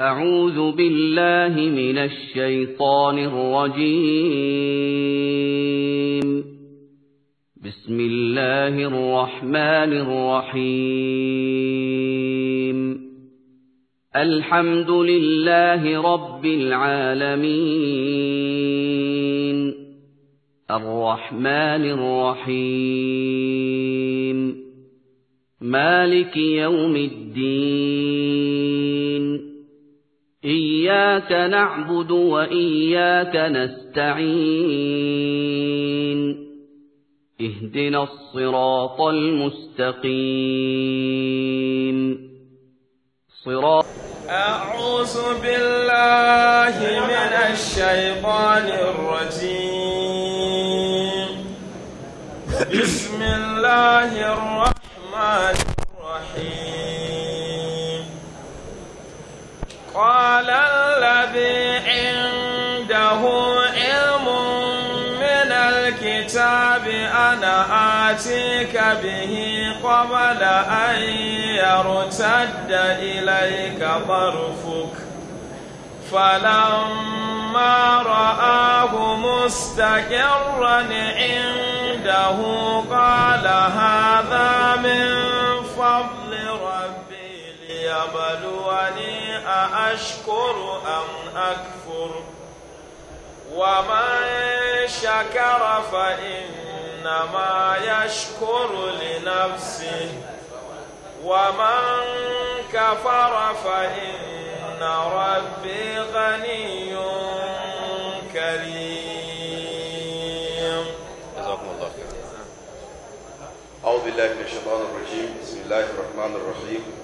أعوذ بالله من الشيطان الرجيم بسم الله الرحمن الرحيم الحمد لله رب العالمين الرحمن الرحيم مالك يوم الدين إياك نعبد وإياك نستعين اهدنا الصراط المستقيم صراط أعوذ بالله من الشيطان الرجيم بسم الله الرحمن الرحيم قال الذي عنده علم من الكتاب أنا آتيك به قبل أن يرتد إليك طرفك فلما رآه مستقرا عنده قال هذا من فضل يبلوني أأشكر أم أكفر ومن شكر فإنما يشكر لنفسه ومن كفر فإن ربي غني كريم جزاكم الله خيرا أعوذ بالله من الشيطان الرجيم بسم الله الرحمن الرحيم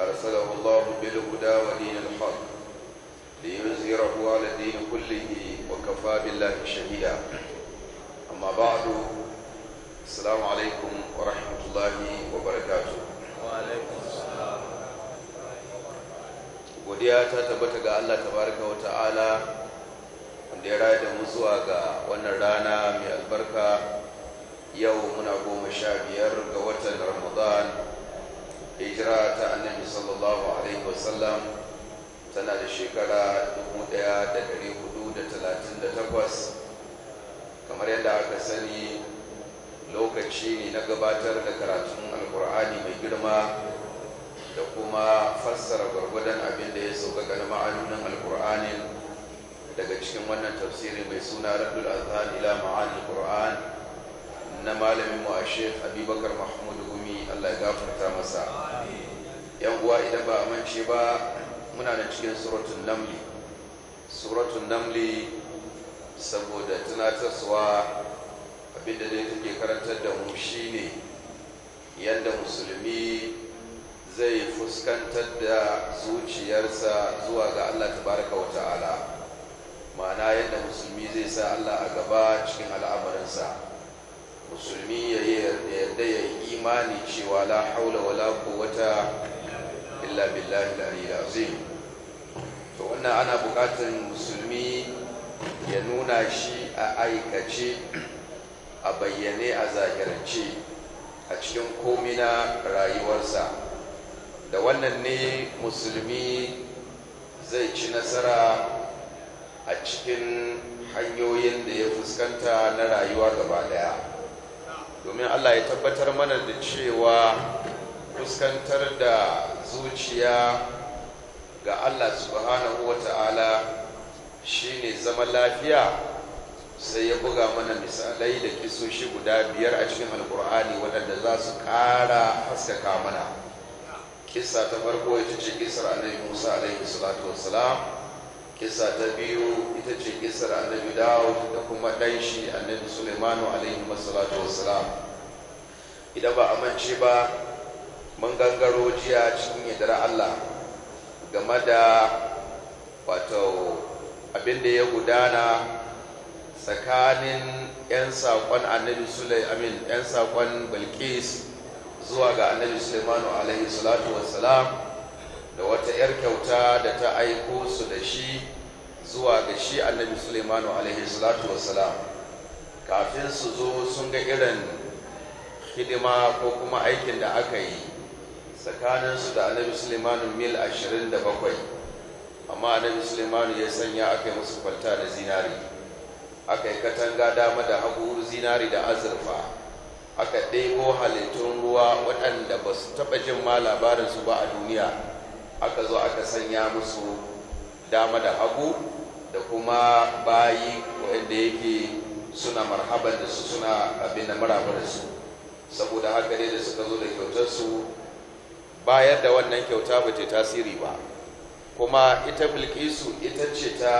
أرسله الله بالهدى ودين الحق لينذره على الدين كله وكفى بالله شهيدا أما بعد السلام عليكم ورحمة الله وبركاته godiya ta tabbata ga Allah tabaraka wa ta'ala wanda ya raya da mu zuwa ga wannan rana mai albarka yau muna goma sha biyar ga watan ramadan hijira ta annabi sallallahu alaihi wasallam tana da shekara 1438 kamar yadda aka sani lokaci ne na gabatar da karatun alkur'ani mai girma da kuma fassara gwargwadon abin da ya sauƙaƙa na ma'anunan alkur'ani daga cikin wannan tafsiri mai suna raddul azhar ila ma'ani qur'an na malamin mu a abubakar mahmud Allah ya gafarta masa yan uwa idan ba a mance ba muna da cikin suratul namli suratul namli saboda tunatarsuwa abinda zai take karantar da mu shine yadda musulmi zai fuskantar da zuciyarsa zuwa ga Allah tabaraka wa ta'ala ma'ana yadda musulmi zai sa Allah a gaba cikin al'amarinsa musulmi ya yarda ya yi imani cewa la haula wa la quwwata illa billahi al azim to wannan ana buƙatar musulmi ya nuna shi a aikace a bayyane a zahirance a cikin komina rayuwarsa da wannan ne musulmi zai ci nasara a cikin hanyoyin da ya fuskanta na rayuwa gaba daya domin Allah ya tabbatar mana da cewa fuskantar da zuciya ga Allah subhanahu wa ta'ala shine zaman lafiya sai ya buga mana misalai da kisoshi guda biyar a cikin alkur'ani waɗanda za su ƙara haskaka mana kisa ta farko ya ce kisar annabi musa alaihi salatu salam. kisa ta biyu ita ce kisar annabi dawo da kuma ɗan shi annabi sulaimanu alaihi masalatu wasalam idan ba mance ba mun gangaro jiya cikin yadda allah game da wato abin da ya gudana tsakanin 'yan saƙon annabi sulai amin 'yan saƙon bilkis zuwa ga annabi sulaimanu alaihi salatu wassalam da wata 'yar kyauta da ta aiko su da shi zuwa ga shi annabi Suleimanu alaihi salatu wassalam kafin su zo sun ga irin hidima ko kuma aikin da aka yi tsakaninsu da annabi Suleimanu mil 27 amma annabi Suleimanu ya sanya aka yi musu kwalta da zinari aka yi katanga dama da hagu zinari da azurfa aka ɗebo halittun ruwa waɗanda ba su taɓa jin ma labarinsu ba a duniya aka zo aka sanya musu dama da hagu da kuma bayi wanda yake suna marhaban da su suna abin da maraba da su saboda haka ne da suka zo da kyautar su bayar da wannan kyauta ba ce tasiri ba kuma ita bilkisu ita ce ta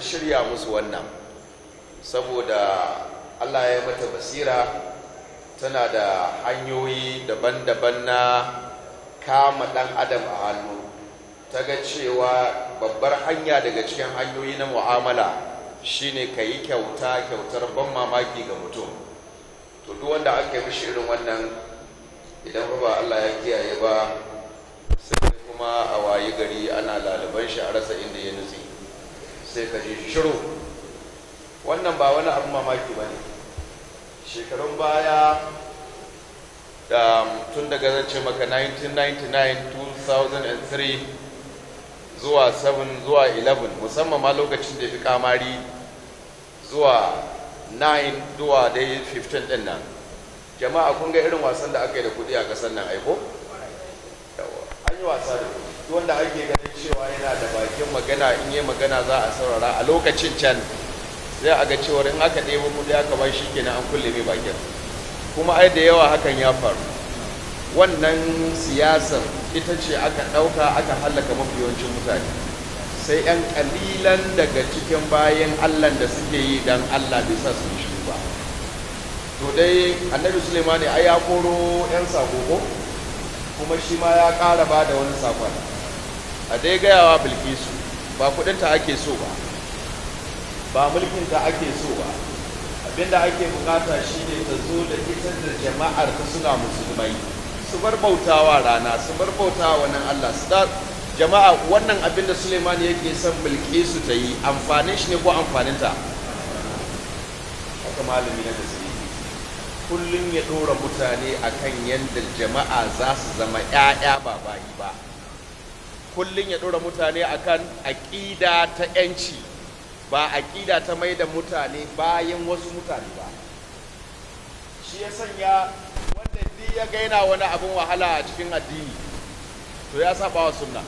shirya musu wannan saboda Allah ya mata basira tana da hanyoyi daban-daban na kama ɗan adam a hannu ta ga cewa babbar hanya daga cikin hanyoyi na mu'amala shine ka yi kyauta kyautar ban mamaki ga mutum to duk wanda aka yi mishi irin wannan idan ba Allah ya kiyaye ba sai kuma a wayi gari ana laliban shi a rasa inda ya nutse sai ka ji shiru wannan ba wani abu mamaki ba ne shekarun baya da tun daga zance maka 1999 2003 zuwa 7 zuwa 11 musamman ma lokacin da ya fi kamari zuwa 9 zuwa dai 15 din nan jama'a kun ga irin wasan da aka yi da kudi a kasar nan aiko an yi wasa da kudi wanda ake ganin cewa yana da bakin magana in yi magana za a saurara a lokacin can zai a ga cewar in aka mu kudi aka bar shi kenan an kulle mai bakin kuma ai da yawa hakan ya faru wannan siyasar ita ce aka ɗauka aka hallaka mafi yawancin mutane sai 'yan ƙalilan daga cikin bayan allah da suke yi don allah bai sa su yi shi ba to dai annabi sulemani ai ya koro 'yan sako kuma shi ma ya ƙara ba da wani sakon a dai gayawa bilkisu ba kudinta ake so ba ba mulkinta ake so ba abinda ake bukata shine ta zo da ita da jama'ar ta suna musulmai su bar bautawa rana su bar bautawa wannan Allah su jama'a wannan abin da Suleiman yake son su ta yi amfanin shi ne ko amfanin ta haka malami na kullum ya dora mutane akan yadda jama'a za su zama ƴaƴa ba bayi ba kullum ya dora mutane akan aƙida ta 'yanci ba aƙida ta mai da mutane bayan wasu mutane ba shi ya sanya ya ya gaina wani abin wahala a cikin addini to ya saba wa sunna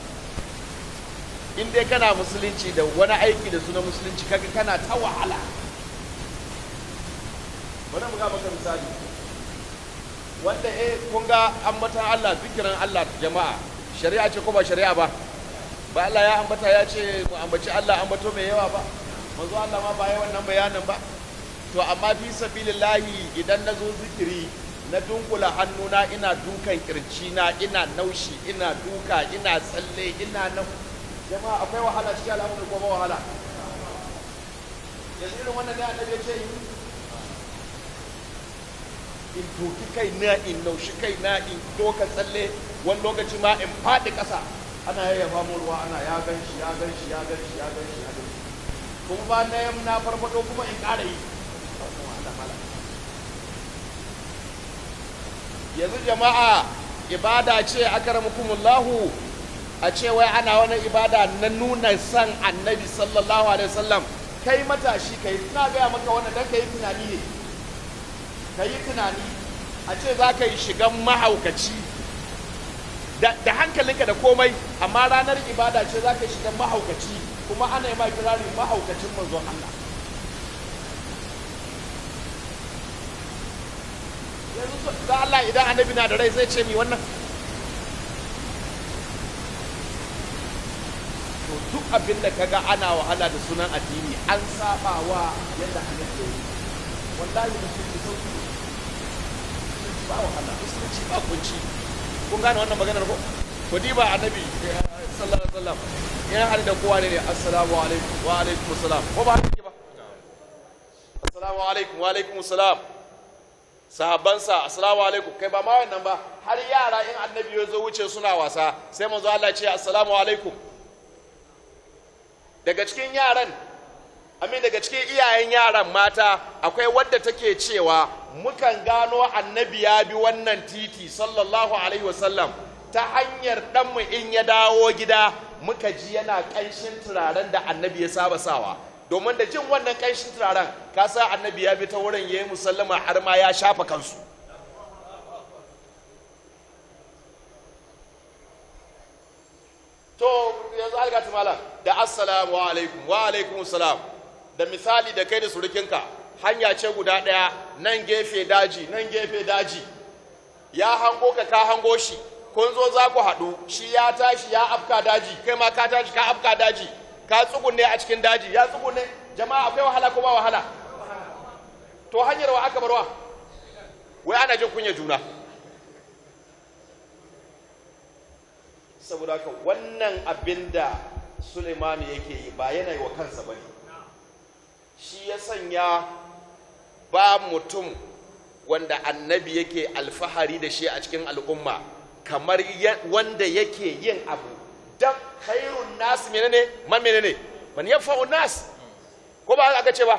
in dai kana musulunci da wani aiki da suna musulunci kaga kana ta wahala bari mu maka misali wanda eh kun ga ambatan Allah zikirin Allah jama'a shari'a ce ko ba shari'a ba ba Allah ya ambata ya ce mu ambaci Allah ambato mai yawa ba manzo Allah ma ba yawan nan bayanin ba to amma fi sabilillahi idan na zo zikiri na dunkula hannuna ina dukan na ina naushi ina duka ina tsalle ina nan jama'a akwai wahala cikin al'amuri ko ba wahala yanzu irin wannan ne annabi ya ce yi in doki kai na in naushi kai na in doka tsalle wani lokaci ma in faɗi ƙasa ana yayyafa mu ruwa ana ya ganshi, ya ganshi, ya ganshi, ya ganshi. ya kuma ba na yamma na farfaɗo kuma in ƙara yi yanzu jama'a ibada ce akramukumullahu a ce wai ana wani ibada na nuna san annabi sallallahu alaihi wasallam kai matashi kai ina gaya maka wanda dan kai tunani ne kai tunani a ce za ka yi shigan mahaukaci da hankalinka da komai amma ranar ibada ce za ka yi shigan mahaukaci kuma ana yi ma kirari mahaukacin manzon Allah da Allah idan annabi na da rai zai ce mi wannan to duk abin da kaga ana wahala da sunan addini an saba wa yadda hannun ya yi wallahi musulmi sauki ba wahala musulunci ba kunci kun gane wannan maganar ko ku ba annabi eh, sallallahu alaihi wasallam yana hali da kowa ne ne assalamu alaikum wa alaikum assalam ko ba haka ba assalamu alaikum wa alaikum assalam sahabbansa assalamu alaikum kai ba ma wannan ba har yara in annabi ya zo wuce suna wasa sai manzo Allah ce assalamu alaikum daga cikin yaran amin daga cikin iyayen yaran mata akwai wadda take cewa mukan gano annabi ya bi wannan titi sallallahu alaihi wasallam ta hanyar danmu in ya dawo gida muka ji yana ƙanshin turaren da annabi ya saba sawa domin da jin wannan kanshin turaren ka sa annabi ya bi ta wurin ya yi musallama har ma ya shafa kansu to yanzu tumala da assalamu alaikum wa alaikum salam da misali da kai da surukinka hanya ce guda ɗaya nan gefe daji nan gefe daji ya hango ka ka hango shi kun zo za ku haɗu shi ya tashi ya afka daji kai ma ka tashi ka afka daji ka tsugunne a cikin daji ya tsugunne jama'a akwai wahala ko ba wahala to hanyar wa aka barwa wai ana jin kunya juna saboda ka wannan abinda Suleiman yake yi ba yana yi wa kansa ba ne. shi ya sanya ba mutum wanda annabi yake alfahari da shi a cikin al'umma kamar wanda yake yin abu dan khairun nas menene man menene man yafa'u nas ko ba aka ce ba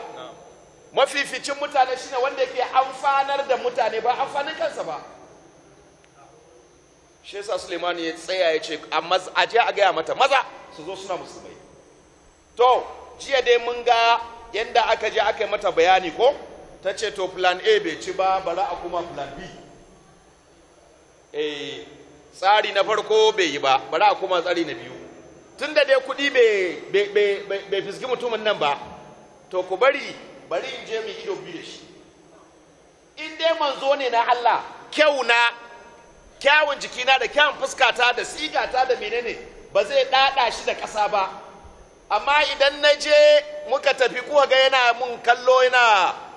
mafificin mutane shine wanda yake amfanar da mutane ba amfanin kansa ba shi yasa Suleiman ya tsaya ya ce a je a gaya mata maza su zo suna musulmai to jiya dai mun ga yanda aka je aka yi mata bayani ko ta ce to plan A bai ci ba bara a kuma plan B eh tsari na farko bai yi ba bari a kuma tsari na biyu tun da dai kuɗi bai fisgi mutumin nan ba to ku bari bari in je mai ido biyu da shi in dai manzo ne na Allah kyau na kyawun jikina da kyawun fuskata da sigata da menene ba zai ɗaɗa shi da ƙasa ba amma idan na je muka tafi kuwa ga yana mun kallo yana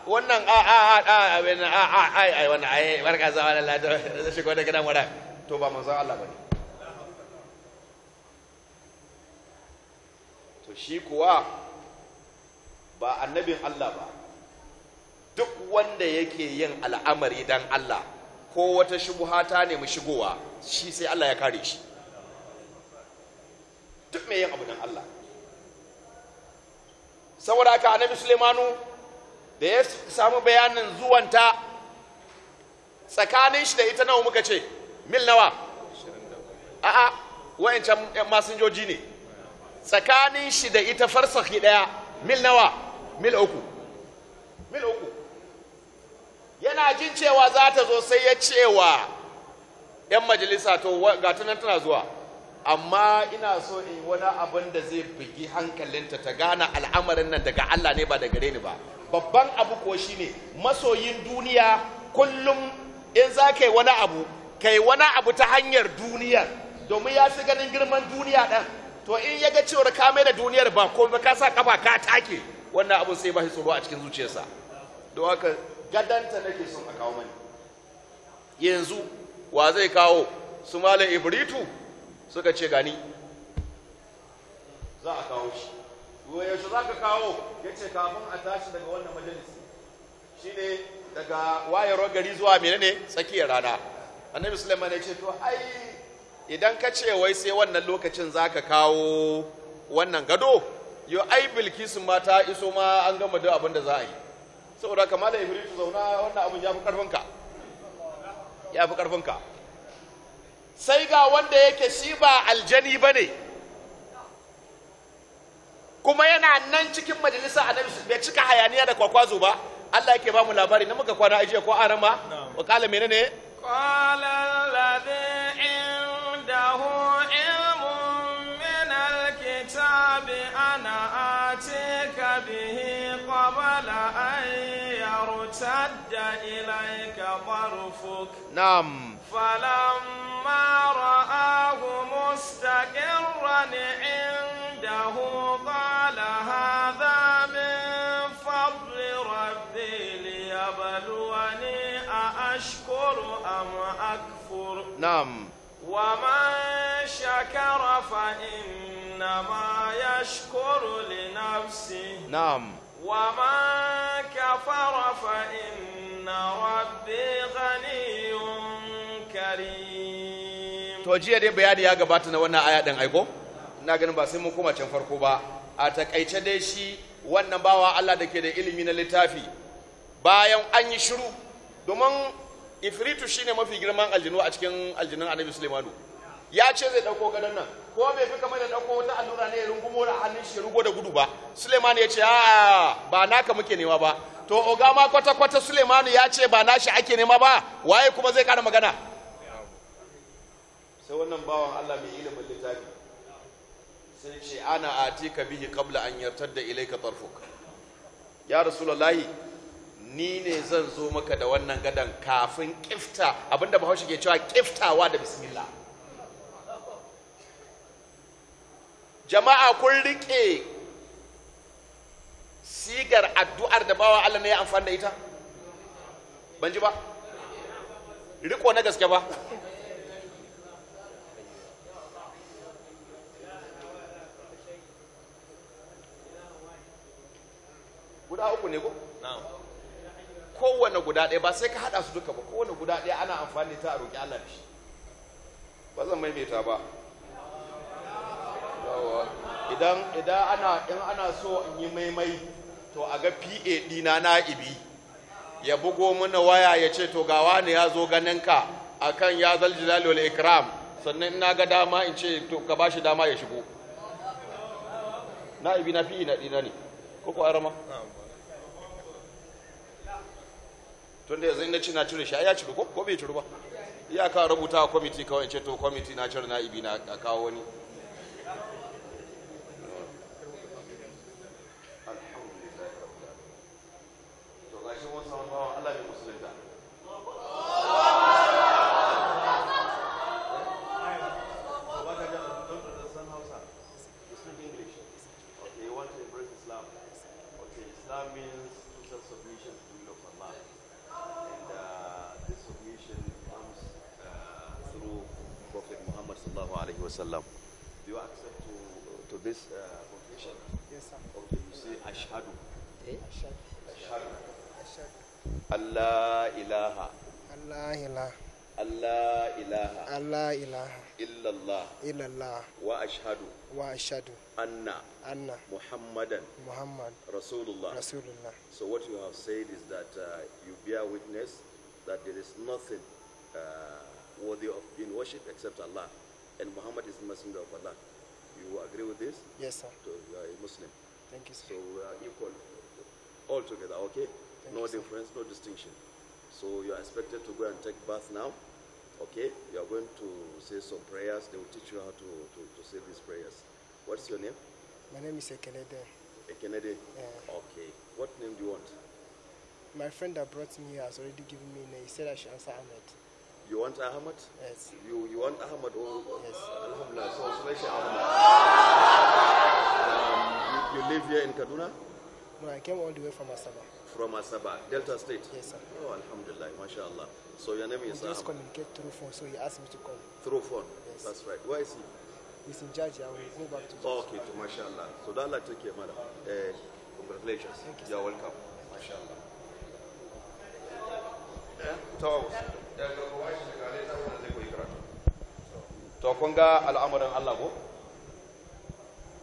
wannan a a a a a a a a a a a a a a a a a a a to ba manzan Allah ba ne to shi kuwa ba annabin Allah ba duk wanda yake yin al'amari dan Allah ko wata shubuha ta nemi shigowa shi sai Allah ya kare shi duk mai yin abu dan Allah saboda haka annabi Sulaimanu da ya samu bayanin zuwanta tsakanin shi da ita nawa muka ce mil nawa a'a wa'ancan masinjoji ne tsakanin shi da ita farsahi daya mil nawa mil uku mil uku yana jin cewa za ta zo sai ya cewa 'yan majalisa to ga tunan tana zuwa amma ina so in yi wani abin da zai bugi hankalinta ta gane al'amarin nan daga Allah ne ba da gare ni ba babban abu ko shine masoyin duniya kullum in za wani abu kai wani abu ta hanyar duniyar domin ya fi ganin girman duniya ɗan to in ya ga cewar ka mai da duniyar ba ko ba ka sa kafa ka take wannan abun sai ba shi tsoro a cikin zuciyarsa don haka gadanta nake son a kawo mani yanzu wa zai kawo su malam ibritu suka ce gani za a kawo shi yaushe za ka kawo ya ce kafin a tashi daga wannan majalisi shi ne daga wayarwar gari zuwa menene tsakiyar rana annabi sulaiman ya ce to ai idan ka ce wai sai wannan lokacin za ka kawo wannan gado yau ai bilkisu ma ta iso ma an gama duk abin da za a yi saboda haka da ibritu zauna wannan abin ya fi karfinka ya fi karfinka sai ga wanda yake shi ba aljani ba ne, kuma yana nan cikin majalisa annabi bai cika hayaniya da kwakwazo ba Allah yake ba mu labari na muka kwana ajiye ko arama wa kala menene قال الذي عنده علم من الكتاب أنا آتيك به قبل أن يرتد إليك طرفك نعم فلما رآه مستقرا عنده قال هذا أشكر أم أكفر نعم ومن شكر فإنما يشكر لنفسه نعم ومن كفر فإن ربي غني كريم to jiya dai bayani ya gabata na wannan aya din aiko ina ganin ba sai mun koma can farko ba a takaice dai shi wannan bawa Allah da ke da ilimi na littafi bayan an yi shiru domin ifritu ne mafi girman aljinu a cikin aljinin annabi sulemanu ya ce zai dauko gadon nan ko bai fi kamar da dauko wata allura ne ya rungumo da hannun shi rugo da gudu ba sulemanu ya ce a ba naka muke nema ba to oga ma kwata kwata sulemanu ya ce ba nashi ake nema ba waye kuma zai kara magana sai wannan bawan Allah mai ilimin littafi sai ce ana atika bihi qabla an ilayka ya rasulullahi ni ne zan zo maka da wannan gadan kafin kifta abinda bahaushe ke cewa kiftawa da bismillah jama'a kun rike sigar addu'ar da bawa Allah ne ya amfani da ita ban ji ba riko na gaske ba guda uku ne ko na'am kowane guda ɗaya ba sai ka haɗa su duka ba kowane guda ɗaya ana amfani ta a roƙi Allah shi ba zan maimaita ba idan idan ana in ana so in yi maimai to a ga PA ɗina na ibi ya bugo mana waya ya ce to gawa ne ya zo ganin a akan ya zal jalali wal ikram sannan ina ga dama in ce to ka bashi dama ya shigo na ibi na PA na ɗina ne ko ko arama tunda yanzu na ci na cire shi ya cire ko ko bai cire ba ka rubuta kwamiti kawai ce to kwamiti na cire na ibi na kawo wani alhamdulillah to gashi mun samu ashhadu anna anna muhammadan muhammad rasulullah rasulullah so what you have said is that uh, you bear witness that there is nothing uh, worthy of being worshipped except allah and muhammad is the messenger of allah you agree with this yes sir so you are a muslim thank you sir. so we are equal all together okay thank no you, difference sir. no distinction so you are expected to go and take bath now okay you are going to say some prayers they will teach you how to, to, to say these prayers What's your name? My name is Ekenede. Ekenede? Yeah. Okay. What name do you want? My friend that brought me here has already given me a name. He said I should answer Ahmed. You want Ahmed? Yes. You, you want Ahmed? or? yes. Alhamdulillah. So, Ahmed. Um, you, you live here in Kaduna? No, I came all the way from Asaba. From Asaba, Delta State? Yes, sir. Oh, Alhamdulillah, mashallah. So your name we is just communicate through phone, so he asked me to come. Through phone? Yes. That's right. Where is he? he's in charge. I will go back to. Oh, okay, to mashallah. So that Allah take care, madam. Uh, congratulations. Thank you. You're welcome. Mashallah. Eh, eh, to kun ga al’amuran Allah ko?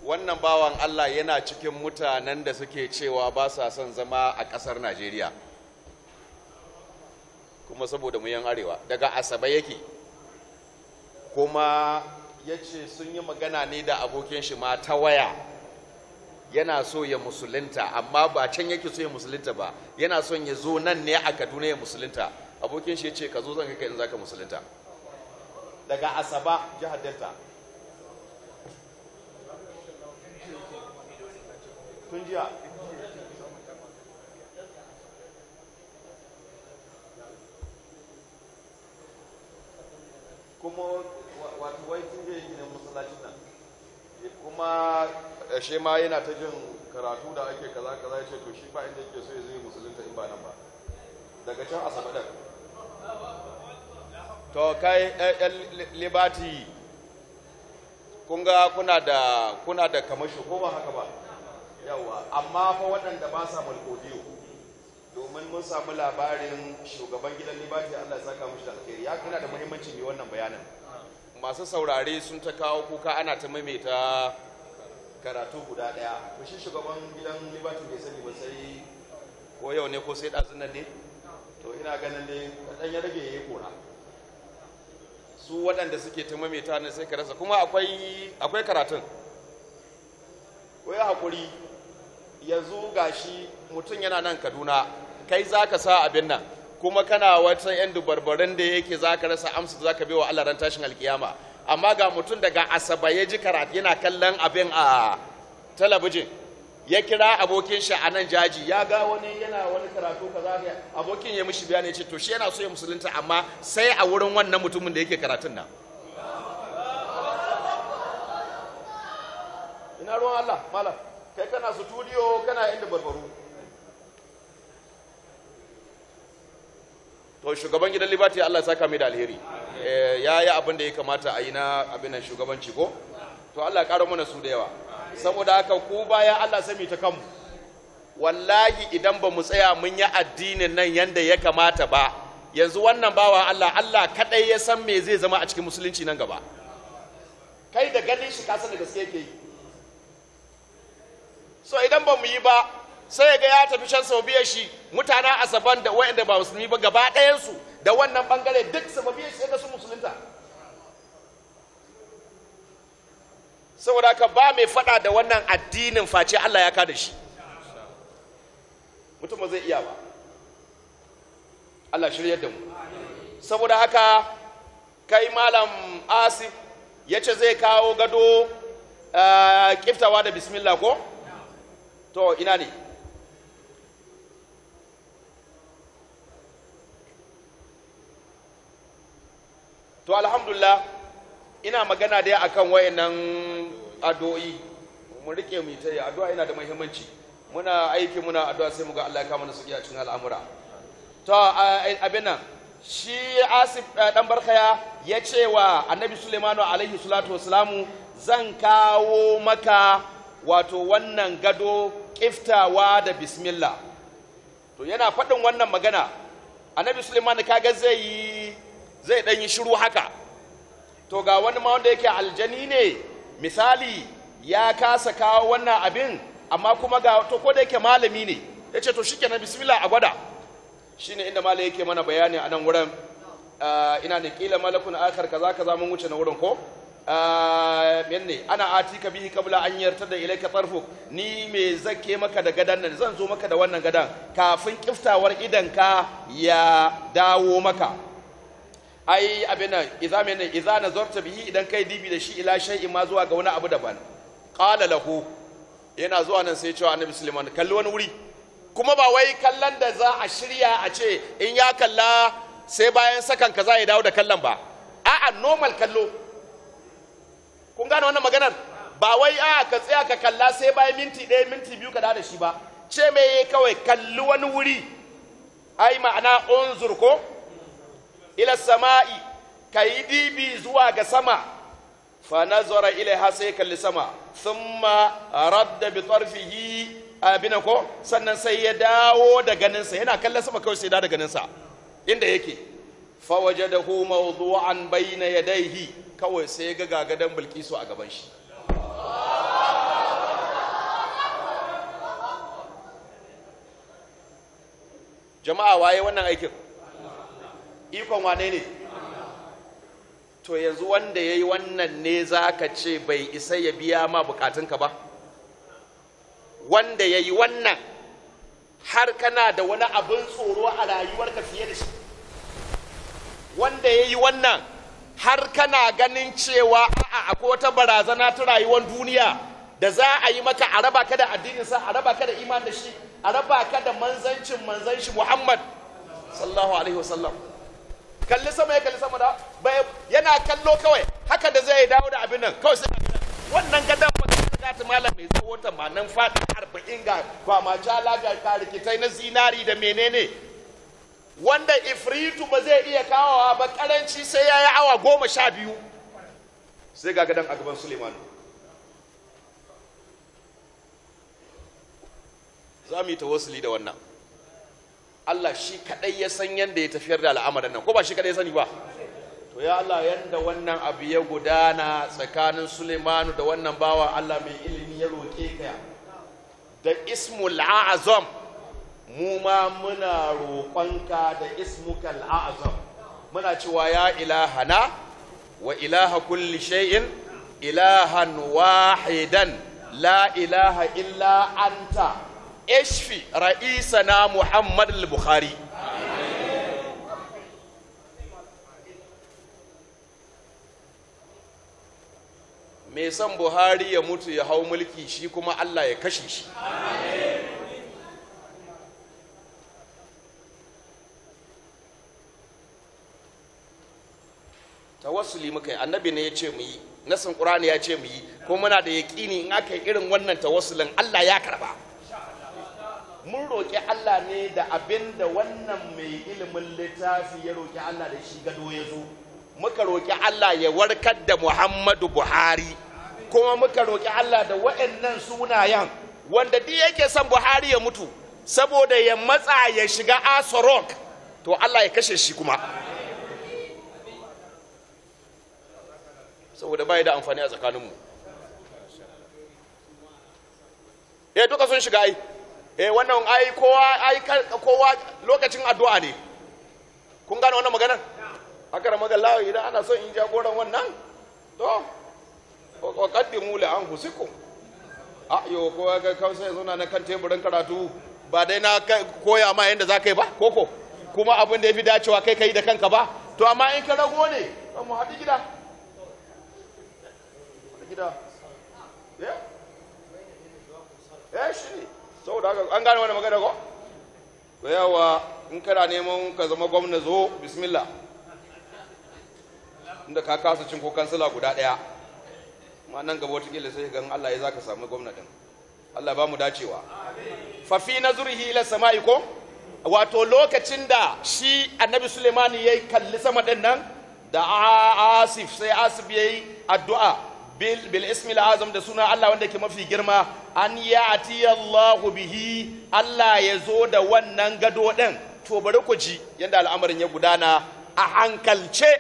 Wannan bawan Allah yana cikin mutanen da suke cewa ba sa son zama a ƙasar Najeriya. Kuma saboda mu yan arewa, daga asaba yake, kuma ya ce sun yi magana ne da abokin shi ma ta waya yana so ya musulunta amma ba can yake so ya musulunta ba yana son ya zo nan ne a kaduna ya musulunta abokin shi ya ce ka zo zan kai in zaka musulunta daga asaba jihar delta tun jiya wato wai sun je ginin masallacin nan kuma ƙarshe eh, ma yana ta jin karatu da ake kaza kaza ya ce to shi ba inda yake so ya zai musulunta in ba nan ba daga can asabe ɗin to kai ɗan eh, eh, libati kun ga kuna da kuna da kamashi, ko ba haka ba yawa amma fa waɗanda ba sa malkodiyo domin mun samu labarin shugaban gidan libati Allah ya saka mushi da alkhairi ya kana da muhimmanci ne wannan bayanin masu saurare sun ta kawo kuka ana ta maimaita karatu guda daya kushin shugaban gidan liberty bai sani ba sai ko yau ne ko sai ɗazun nan ne to ina ganin ne kaɗan ya rage ya kora su waɗanda suke ta maimaita ne sai ka rasa kuma akwai karatun Ko ya haƙuri yanzu gashi mutum yana nan kaduna kai za ka sa abin nan kuma kana wata yan dubarbarin da yake za ka rasa amsa za ka wa Allah ran tashin alkiyama amma ga mutum daga asaba ya ji karatu yana kallon abin a talabijin ya kira abokin shi a nan jaji ya ga wani yana wani karatu kaza abokin ya mishi bayani ce to shi yana so ya musulunta amma sai a wurin wannan mutumin da yake karatun nan ina ruwan Allah malam kai kana studio kana inda barbaro to shugaban gidan liberty Allah ya saka mai da alheri eh, ya yi abin da ya kamata a yi na abin shugabanci ko to Allah ya karo mana su da yawa saboda haka ku baya Allah sami ta kanmu wallahi idan ba mu tsaya mun yi addinin nan yanda ya kamata ba yanzu wannan bawa Allah Allah kaɗai ya san me zai zama a cikin musulunci nan gaba kai da ganin shi ka san da gaske yake yi so idan ba mu yi ba sai ga ya tafi can sau biyar shi mutanen asaban da wa'anda ba musulmi ba gaba ɗayansu da wannan ɓangare duk sau biyar shi ga su musulunta saboda haka ba mai faɗa da wannan addinin face Allah ya kada shi mutum ba zai iya ba Allah shirya da mu saboda haka kai malam asif ya ce zai kawo gado eh, kiftawa da bismillah ko to ina ne to alhamdulillah ina magana dai akan wayannan addu'o'i mu rike mu ta addu'a yana da muhimmanci muna aiki muna addu'a sai mu ga Allah ya kama nasu a cin al'amura to abin nan shi Asif dan eh, Barkaya ya ce wa Annabi Sulaimanu alaihi salatu wasalamu zan kawo maka wato wannan gado kiftawa da bismillah to yana faɗin wannan magana Annabi Sulaimanu kaga zai yi zai ɗan yi shiru haka to ga wani ma wanda yake aljani ne misali ya kasa kawo wannan abin amma kuma ga to ko da yake malami ne yace ce to shi kenan bismillah a gwada shi inda malami yake mana bayani a nan wurin ah, ina da kila malakun akar kaza kaza mun wuce na wurin ko yanne ah, ana atika bihi kabla an yartar da ilaika tarfu ni me zake maka da gadan nan zan zo maka da wannan gadan kafin kiftawar idan ka ya dawo maka ai abin nan idza min idza nazarta bihi idan kai dibi da shi ila shay'in ma zuwa ga wani abu daban qala lahu yana zuwa nan sai cewa annabi sulaiman kalli wani wuri kuma ba wai kallon da za a shirya a ce in ya kalla sai bayan sakan ka za ya dawo da kallon ba a'a normal kallo kun gane wannan maganar ba wai a'a ka tsaya ka kalla sai bayan minti ɗaya minti biyu ka dawo da shi ba ce me kawai kalli wani wuri ai ma'ana unzur ko ila sama'i ka dibi zuwa ga sama fa nazara ilaiha sai kalli sama thumma radda bi tarfihi abina ko sannan sai ya dawo da ganinsa yana kallon sama kawai sai ya dawo da ganinsa inda yake fa wajadahu mawdu'an bayna yadayhi kawai sai ga gagadan bilkisu a gaban shi jama'a waye wannan aikin ikon wane ne to yanzu wanda ya yi wannan ne za ka ce bai isa ya biya ma bukatunka ba wanda ya yi wannan har kana da wani abin tsoro a rayuwarka fiye da shi wanda ya yi wannan har kana ganin cewa a'a akwai wata barazana ta rayuwar duniya da za a yi maka a raba ka da addininsa a raba ka da iman da shi a raba ka da manzancin manzanshi muhammad sallallahu alaihi wasallam kalli sama ya kalli sama da yana kallo kawai haka da zai dawo da abin nan kawai sai wannan gadan ta malam mai tsawo ta ma nan fadi arba'in ga ba ma rikitai na zinari da menene wanda ifritu ba zai iya kawowa ba karanci sai yayi awa goma sha biyu sai ga gadan agaban suleiman za mu yi tawassuli da wannan Allah shi kadai ya san yanda ya tafiyar da al'amarin nan ko ba shi kadai ya sani ba to ya Allah yanda wannan abu ya gudana tsakanin Sulaimanu da wannan bawa Allah mai ilimi ya roke ka da ismul azam mu ma muna roƙonka da ismukal azam muna cewa ya ilahana wa ilaha kulli shay'in ilahan wahidan la ilaha illa anta na muhammad al Bukhari. mai son buhari ya mutu ya hau mulki shi kuma allah ya kashe shi tawassuli muka yi annabi ne ya ce mu yi nasin ƙur'ani ya ce mu yi ko muna da yaƙini in aka yi irin wannan tawassulin allah ya karba mun roƙi Allah ne da abin da wannan mai ilimin littafi ya roƙi Allah da shi gado ya zo muka roƙi Allah ya warkar da Muhammadu Buhari kuma muka roƙi Allah da waɗannan sunayen wanda duk yake son Buhari ya mutu saboda ya matsa ya shiga Asorok to Allah ya kashe shi kuma saboda bai da amfani a tsakaninmu ya eh, duka sun shiga ai eh wannan ai kowa ai kowa lokacin addu'a ne kun gane wannan maganar haka ramadan lawa idan ana son in jagoran wannan to wa qaddimu an husiku a ah, yo ko ga kawai zauna na kan teburin karatu ba dai na koya ma yanda za ka yi ba koko kuma abin da ya fi dacewa kai ka yi da kanka ba to amma in ka rago ne mu haɗi gida gida eh eh shi ne saboda haka an gane wani magana ko to yawa in kana neman ka zama gwamna zo bismillah inda ka kasa cin ko kansila guda daya ma nan gaba kila sai gan Allah ya zaka samu gwamna din Allah ba mu dacewa fa fi nazrihi ila sama'i ko wato lokacin da shi annabi Suleimani yayi kalli sama din nan da asif sai asif yayi addu'a bil ismil azam da suna Allah wanda ke mafi girma an ati Allahu bihi Allah ya zo da wannan gado din to bari ku ji yanda al'amarin ya gudana a hankalce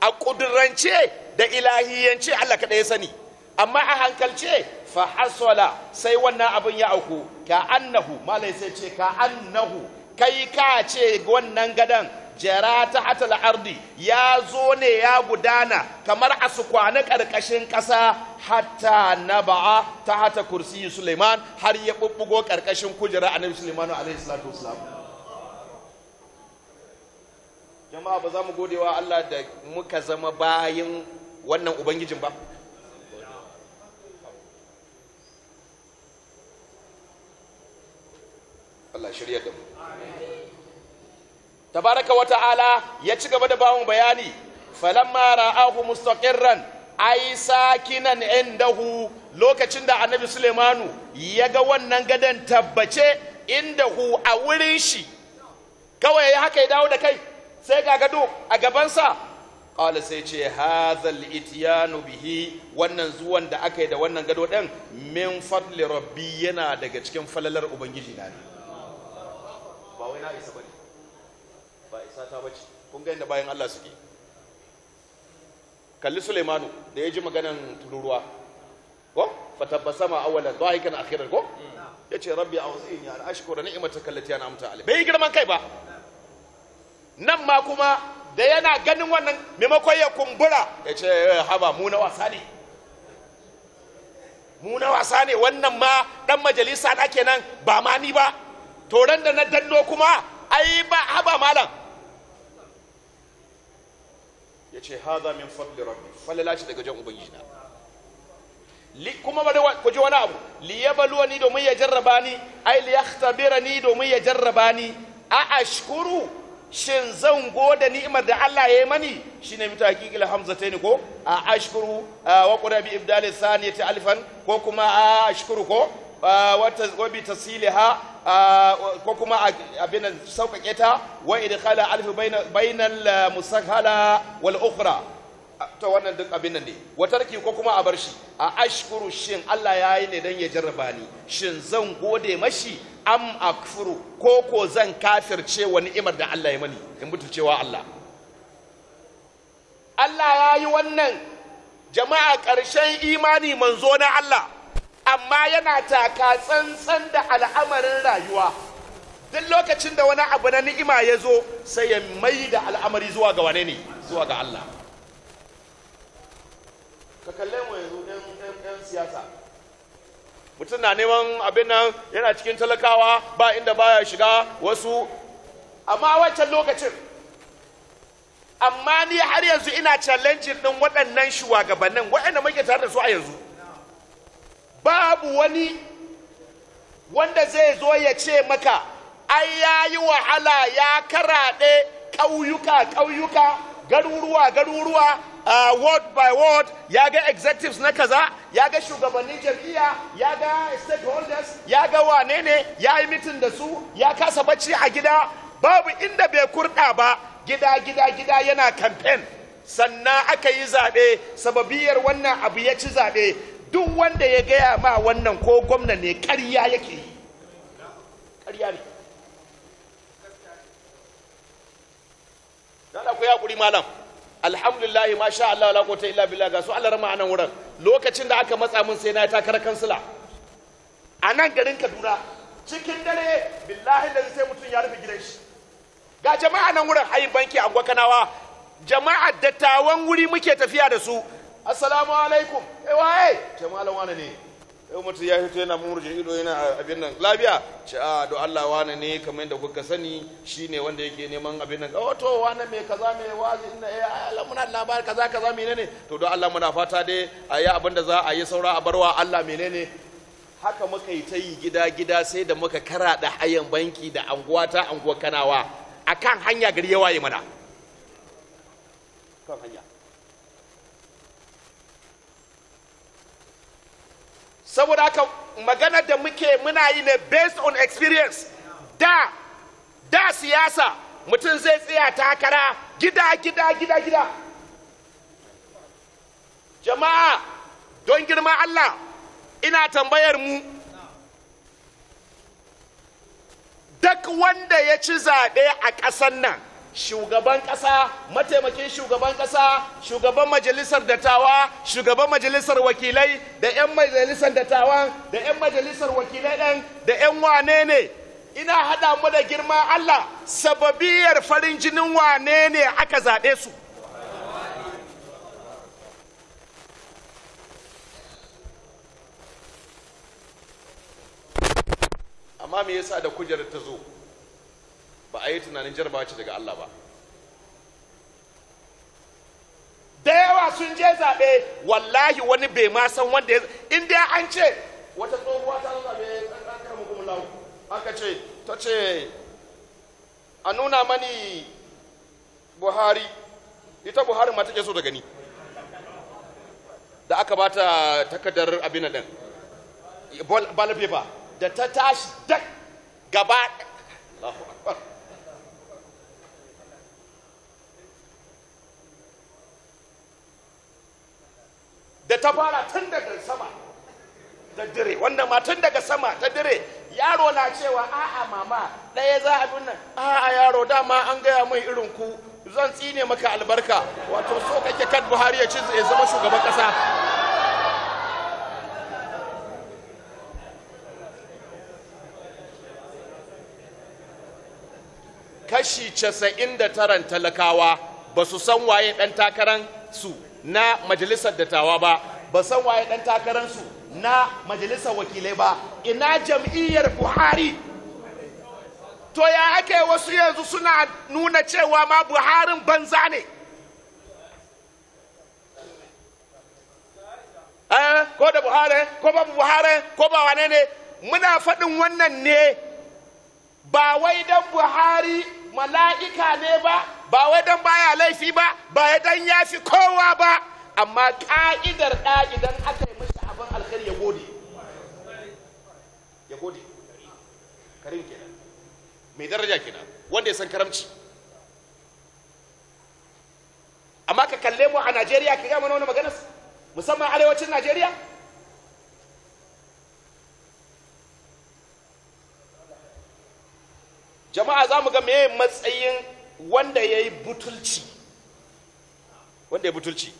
a kudurance da ilahiyance Allah kada ya sani amma a hankalce fa hasala sai wannan abin ya auku ka annahu malai sai ce ka annahu kai ka ce wannan gadon. jara ta hatal ardi ya zo ne ya gudana kamar a su kwana ƙarƙashin ƙasa hatta na ba'a ta hata kursi suleiman har ya ɓuɓɓugo ƙarƙashin kujera nabi suleiman alaihi salatu wasalam jama'a ba za mu gode wa Allah da muka zama bayan wannan ubangijin ba Allah shirya da mu tabaraka wa ta'ala ya ci gaba da bamu bayani falamma ra'ahu mustaqirran ai sakinan indahu lokacin da annabi Sulemanu ya ga wannan gadan tabbace indahu a wurin shi kawai ya haka ya dawo da kai sai ga gado a gabansa ƙala sai ce hazal ityanu bihi wannan zuwan da aka yi da wannan gado ɗin min fadli rabbi yana daga cikin falalar ubangiji na ne ba wai na isa ba ba isa ta bace kun ga inda bayan Allah suke kalli Sulaimanu da ya ji maganan tururuwa ko fatabbasama awalan dhahikan akhirar ko hmm. yace rabbi awzini an ashkura kallati ana amta alai bai girman kai ba nan ma kuma da yana ganin wannan maimakon ya kumbura ya ce eh, haba mu na wasa ne mu na wasa ne wannan ma dan majalisa da kenan ba ma ni ba toron da na danno kuma ai ba haba malam ya ce haza min fadli rabbi falala shi daga jan ubangijina kuma ba da kuje wani abu li yabluwa ni domin ya jarraba ni ai li yakhtabira ni domin ya jarraba ni a ashkuru shin zan goda ni'imar da Allah ya yi mani shine mita hakikil hamzatayn ko a ashkuru wa qura bi ibdal saniyati alfan ko kuma a ashkuru ko wa bi tasiliha ko kuma abin sauƙaƙe ta wa idkhala alfi bainal musakala wal ukhra to wannan duk abin nan ne wa tarki ko kuma a bar shi a ashkuru shin Allah ya yi ne dan ya jarraba ni shin zan gode mashi am akfuru ko ko zan kafirce wa ni'imar da Allah ya mani in mutuncewa Allah Allah ya yi wannan jama'a ƙarshen imani manzo na Allah amma yana taka tsantsan da al'amarin rayuwa duk lokacin da wani abu na ni'ima ya zo sai ya mai da al'amari zuwa ga wane ne zuwa ga Allah ka kalle mu yanzu ɗan siyasa mutum na neman abin nan yana cikin talakawa ba inda baya shiga wasu amma wancan lokacin amma ni har yanzu ina challenging ɗin waɗannan shugabannin waɗanda muke tare da su a yanzu babu wani wanda zai zo ya ce maka ai ya yi wahala ya karaɗe ƙauyuka ƙauyuka garuruwa garuruwa uh, word by word ya ga executives na kaza ya ga shugabannin jam'iyya ya ga stakeholders ya ga wane ne ya yi mitin da su ya kasa bacci a gida babu inda bai kurɗa ba gida gida gida yana campaign sannan aka yi zaɓe sababiyar wannan abu ya ci zaɓe duk wanda ya gaya ma wannan ko gwamna ne ƙarya yake yi ƙarya ne da ku ya kuri malam alhamdulillah ma sha Allah la quwwata illa billah ga su Allah rama anan wurin lokacin da aka matsa mun sai na takar kansila a nan garin Kaduna cikin dare billahi da sai mutum ya rufe gidan shi ga jama'a nan wurin hayin banki a gwakanawa jama'a dattawan wuri muke tafiya da su assalamu alaikum eh waye ce malam wane ne eh mutum ya fito yana murje ido yana abin nan labiya ce a ah, do Allah wane ne kamar yadda kuka sani shine wanda yake neman abin nan oh to wane mai kaza mai wazi inna eh ah, Allah muna labar kaza kaza menene to do Allah muna fata dai a yi abin da za a yi saura a barwa Allah menene haka muka yi ta yi gida gida sai da muka kara da hayan banki da anguwa ta anguwa kanawa akan hanya gari ya waye mana kan hanya saboda haka magana da muke muna yi ne based on experience da da siyasa mutum zai tsaya takara gida gida gida gida jama'a don girma Allah ina tambayar mu duk wanda ya ci zaɓe a ƙasan nan shugaban ƙasa mataimakin shugaban ƙasa shugaban majalisar dattawa shugaban majalisar wakilai da 'yan majalisar dattawa, da 'yan majalisar wakilai dan, da 'yan wane ne ina haɗa mu da girma Allah sababiyar farin jinin wane ne aka zaɓe su amma me yasa da kujerar ta zo ba a yi tunanin jarabawa ce daga Allah ba da yawa sun je zaɓe wallahi wani bai ma san wanda ya in dai an ce wata tsohuwa ta zaɓe ɗan kuma aka ce ta ce a nuna mani buhari ita buhari ma take so da gani da aka ba ta takardar abin nan balabe ba da ta tashi dak gaba da ta fara tun daga sama da dire wanda ma tun daga sama ta dire yaro na cewa a'a mama ɗaya za a dunnan a'a yaro dama an gaya mun irin ku zan tsine maka albarka wato so kake kan buhari ya ci ya zama shugaban kasa. kashi casa'in da taran talakawa ba su san waye ɗan takarar su na majalisar dattawa ba ba san waye dan takararsu na majalisar wakilai ba ina jam'iyyar buhari to ya ake wasu yanzu suna nuna cewa ma buharin banza ne eh, ko da buhari ko ba buhari ko ba wane ne muna faɗin wannan ne ba wai dan buhari mala'ika ne ba ba wai dan baya laifi ba ba ya dan ya fi kowa ba amma ka'idar ɗa idan aka yi mishi abin alkhairi ya gode ya gode karin kenan mai daraja kenan wanda ya san karamci amma ka kalle mu a najeriya ka gama wani magana musamman arewacin najeriya jama'a za mu ga meye matsayin wanda ya yi butulci wanda ya yi butulci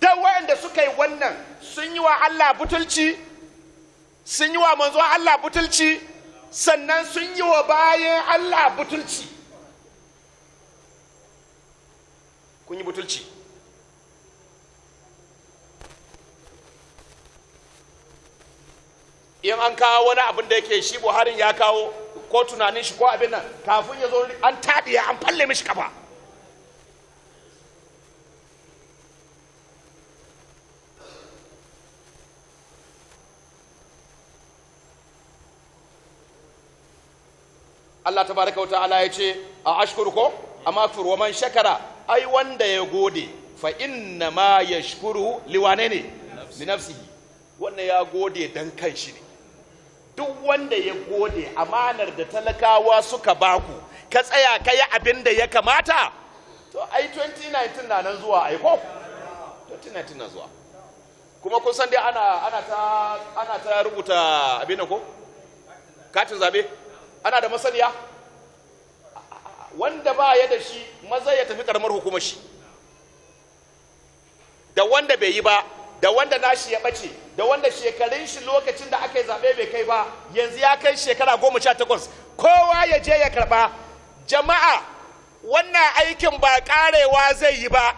don wayanda suka yi wannan sun yi wa Allah butulci sun yi wa manzo Allah butulci sannan sun yi wa bayan Allah butulci kun yi butulci in an kawo wani abin da yake shi buharin ya kawo ko tunanin shi ko abin nan kafin ya zo an taɗiya an falle mishi kafa Allah Ta wata ala ya ce a ashkuru ko amma furu man shakara ai wanda ya gode fa inna ma shkuru liwane ne nafsihi wannan ya gode dan shi ne duk wanda ya gode amanar da talakawa suka baku ka tsaya ka yi abin da ya kamata to ai 2019 na nan zuwa ai ko 2019 na zuwa kuma kun san dai ana ana ta ana ta rubuta abin nan ko katin zabe ana da masaniya wanda ba ya da shi maza ya tafi karamar hukumar shi da wanda bai yi ba da wanda nashi ya bace, da wanda shekarun shi lokacin da aka yi zaɓe bai kai ba yanzu ya kai shekara goma sha takwas kowa ya je ya karɓa jama'a wannan aikin ba ƙarewa zai yi ba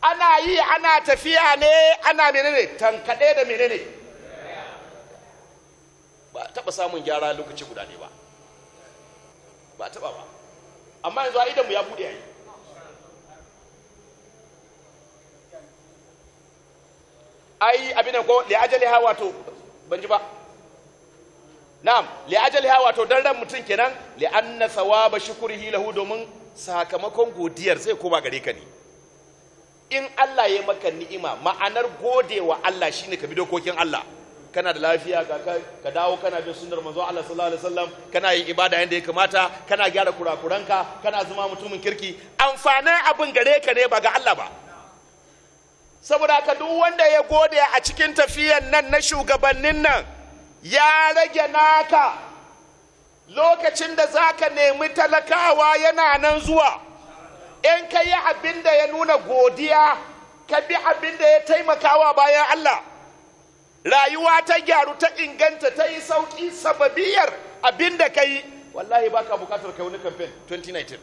ana yi ana tafiya ne ana menene tankaɗe da menene ba taɓa samun gyara lokaci guda ne ba ba taɓa ba amma yanzu a idanmu ya buɗe yayi ai abin da li wato ban ji ba na'am li ajaliha wato dan ran mutum kenan li anna thawaba shukrihi lahu domin sakamakon godiyar sai koma gare ka ne in Allah ya maka ni'ima ma'anar godewa Allah shine ka bi dokokin Allah kana da lafiya ka dawo kana bin sunnar manzo Allah sallallahu alaihi wasallam kana yin ibada yanda ya kamata kana gyara kurakuranka kana zama mutumin kirki amfanin abin gare ka ne ba ga Allah ba saboda ka duk wanda ya gode a cikin tafiyan nan na shugabannin nan ya rage naka lokacin da za ka nemi talakawa yana nan zuwa in ka yi abin da ya nuna godiya ka bi abin da ya taimakawa bayan Allah rayuwa ta gyaru ta inganta ta yi sauƙi sababiyar abin da ka yi wallahi ba ka bukatar kai wani kamfen 2019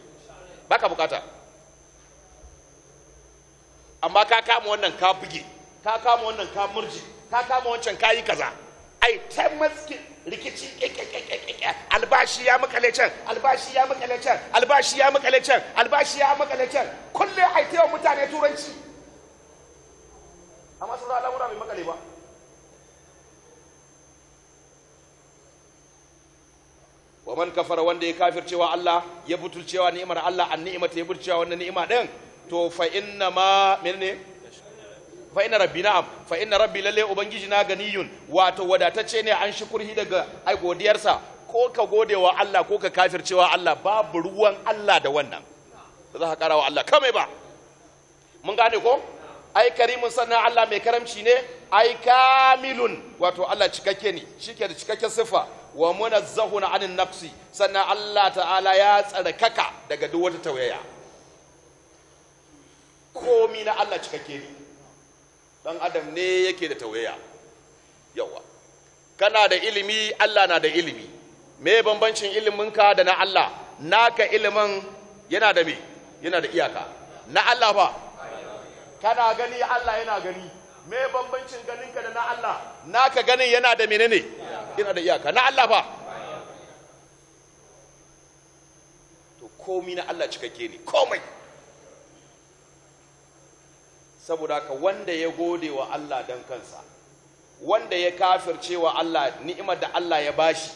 ba ka bukata amma ka kama wannan ka buge ka kama wannan ka murji ka kama wancan ka yi kaza ai ta maske rikici albashi ya makale can albashi ya makale can albashi ya makale can albashi ya makale can kulle ai ta mutane turanci amma sun al'amura mai makale ba wa man kafara wanda ya kafircewa Allah ya butulcewa ni'imar Allah an ni'imata ya butulcewa wannan ni'ima din to fa inna ma fa rabbi na'am fa inna rabbi lalle ubangiji na ganiyun wato wadatacce ne an kurhi daga ai godiyarsa ko ka gode wa Allah ko ka kafircewa Allah babu ruwan Allah da wannan za ka karawa Allah kamai ba mun gane ko ai karimun sannan Allah mai karamci ne ai kamilun wato Allah cikakke ne shike da cikakken sifa wa munazzahuna anin nafsi sannan Allah ta'ala ya tsarkaka daga duk wata tawayya komi na Allah cikakke ne dan adam ne yake da tawaya yawa kana da ilimi Allah na da ilimi me bambancin iliminka da na Allah naka ilimin yana da me yana da iyaka na Allah ba kana gani Allah yana gani me bambancin ganinka da na Allah naka ganin yana da menene yana da iyaka na Allah ba to komi na Allah cikakke ne komai saboda ka wanda ya gode wa Allah dan kansa wanda ya kafirce wa Allah ni'imar da Allah ya bashi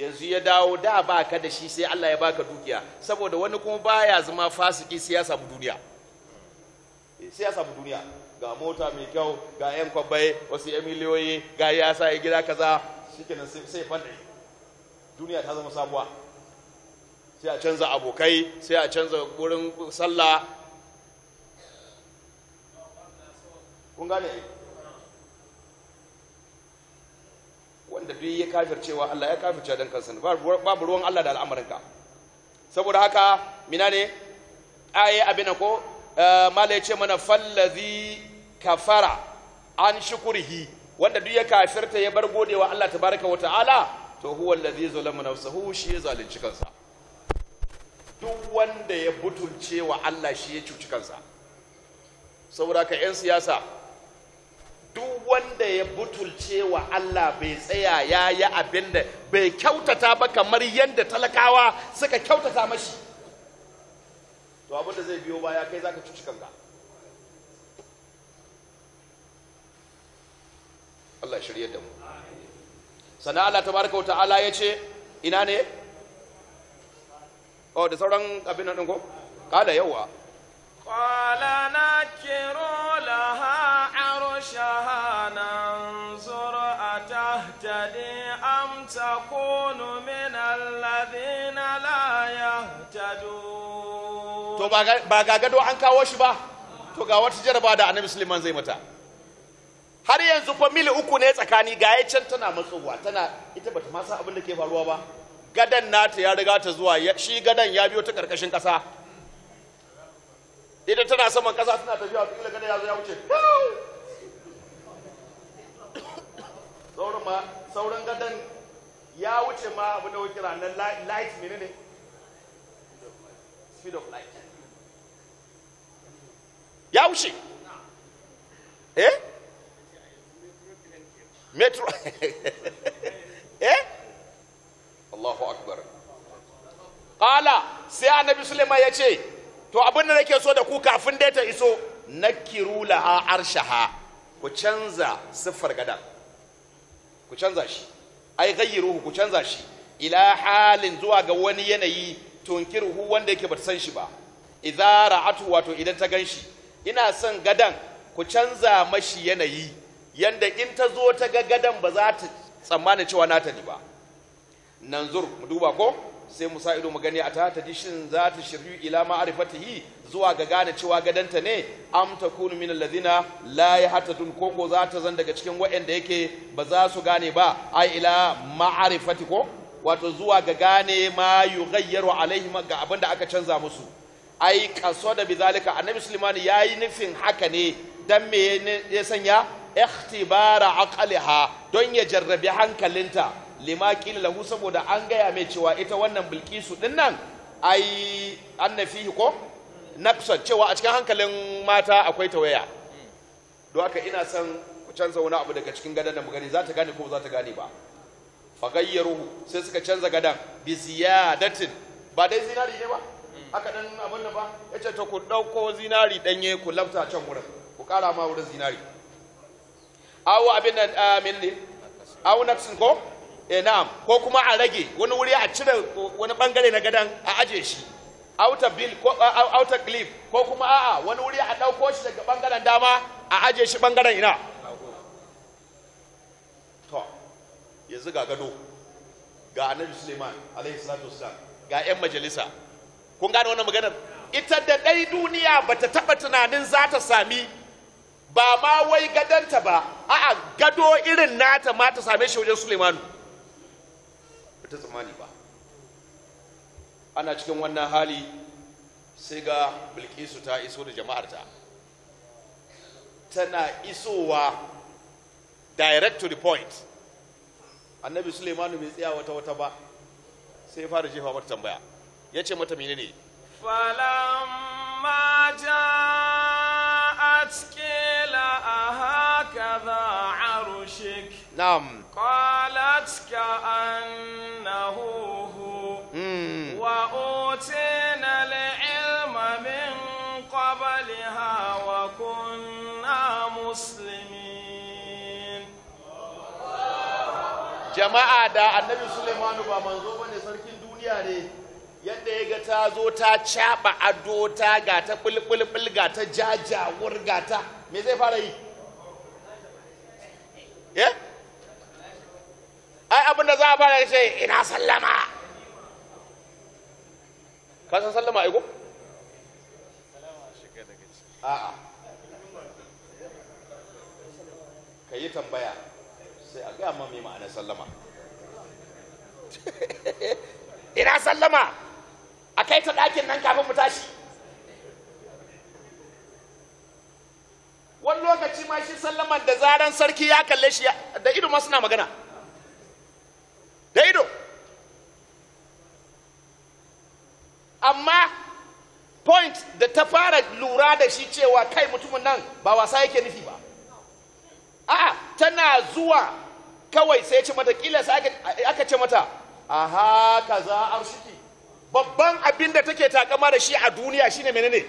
yanzu ya dawo da ba ka da shi sai Allah ya baka dukiya saboda wani kuma baya zama fasiki sai ya samu duniya eh, sai ya samu duniya ga mota mai kyau ga yan kwabbai wasu yan miliyoyi ga ya sa ya gida kaza shikenan sai fanda duniya ta zama sabuwa sai a canza abokai sai a canza wurin sallah kun gane wanda duk ya cewa Allah ya kafir cewa dan kansa babu ruwan Allah da al'amarinka saboda haka mina ne aye abin ko eh, mala ya ce mana fallazi kafara an shukurihi wanda duk ya kafirta ya bar godewa Allah tabaraka wa ta'ala to huwa allazi zalama nafsahu shi ya zalunci kansa duk wanda ya butulce wa Allah shi ya cuci kansa saboda ka 'yan siyasa duk wanda ya butulce wa Allah bai tsaya ya yi abin da bai kyautata ba kamar yadda talakawa suka kyautata mashi to abin da zai biyo baya kai zaka cuci kanka Allah shirye da mu sannan Allah tabaraka wa ta'ala ya ce ina ne oh da sauran abin nan ko kada yawa To ba ga gado an kawo shi kawo ba to ga wata jaraba da annabi Suleiman zai mata har yanzu fa mil uku ne tsakani ga ya can tana matsowa tana ita bata ma abin da ke faruwa ba gadan nata ya riga ta zuwa shi gadan ya biyo ta ƙarƙashin ƙasa. ita tana saman kasa tana tafiya wata kada ya zo ya wuce sauran ma sauran gadon ya wuce ma da kira na light mene ne speed of light ya wuce eh metro eh Allahu akbar qala sai annabi Sulaiman ya ce to abin da nake so da ku kafin dai ta iso nakiru laha arshaha ku canza siffar gadan ku canza shi ai ghayyiruhu ku canza shi ila halin zuwa ga wani yanayi tunkiruhu wanda yake bata san shi ba idza ra'atu wato idan ta gan shi. ina son gadan ku canza mashi yanayi yanda in ta zo ta ga gadan ba za ta tsammanin cewa nata ne ba nanzur mu duba ko sai musa ido mu gani a ta ta dishin za ta shiryu ila ma'arifatihi zuwa ga gane cewa gadanta ne am takunu min alladhina la yahtadun ko za ta zan daga cikin wa'anda yake ba za su gane ba ai ila ma'arifati ko wato zuwa ga gane ma yughayyaru alaihim ga abinda aka canza musu ai kaso da bizalika annabi sulaiman yayi nufin haka ne dan me ya sanya ikhtibara aqliha don ya jarrabi hankalinta limaki qila lahu saboda an gaya mai cewa ita wannan bilkisu din nan ai fihi ko naqsan cewa a cikin hankalin mata akwai tawaya don haka ina son ku canza wani abu daga cikin gadan da mu gani za ta gane ko za ta gane ba fagayyaruhu sai suka canza gadan bi ziyadatin ba dai zinari ne ba aka dan abin nan ba yace to ku dauko zinari danye ku lafta can wurin ku kara ma wurin zinari awo abin nan amin ah, ne awo nafsin ko eh na'am ko kuma a rage wani wuri a cire wani bangare na gadan a aje shi outer bill ko outer cliff ko kuma a'a wani wuri a dauko shi daga bangaren dama a aje shi bangaren ina to yanzu ga gado ga annabi Suleiman alaihi salatu wassalam ga yan majalisa kun gane wannan maganar ita da dai duniya bata taba tunanin za ta sami ba ma wai gadanta ba a'a gado irin nata ma ta same shi wajen Suleimanu ta tsammani ba ana cikin wannan hali sai ga bilkisu ta iso da jama'arta tana isowa direct to the point annabi suleimanu bai tsaya wata wata ba sai ya fara jefa mata tambaya ya ce mata menene falamma a cikin نعم قالت كأنه هو وأوتينا العلم من قبلها وكنا مسلمين جماعة دا النبي سليمان ومنظومة سركين duniya ne yadda ya ga ta zo ta caɓa ado ta ga ta bulbulbul ga ta jajawar ga ta me zai fara yi eh ai abin da za a fara ce ina sallama ka san sallama aiko a'a ka yi tambaya sai a gaya mai ma'anar sallama ina sallama a kai ta ɗakin nan kafin mu tashi wani lokaci ma shi sallaman da zaren sarki ya kalle shi da ido ma suna magana point da ta fara lura da shi cewa kai mutumin nan ba wasa yake nufi ba a'a tana zuwa kawai sai ce mata kila sai aka ce mata aha kaza arziki babban abin da take takama da shi a duniya shine menene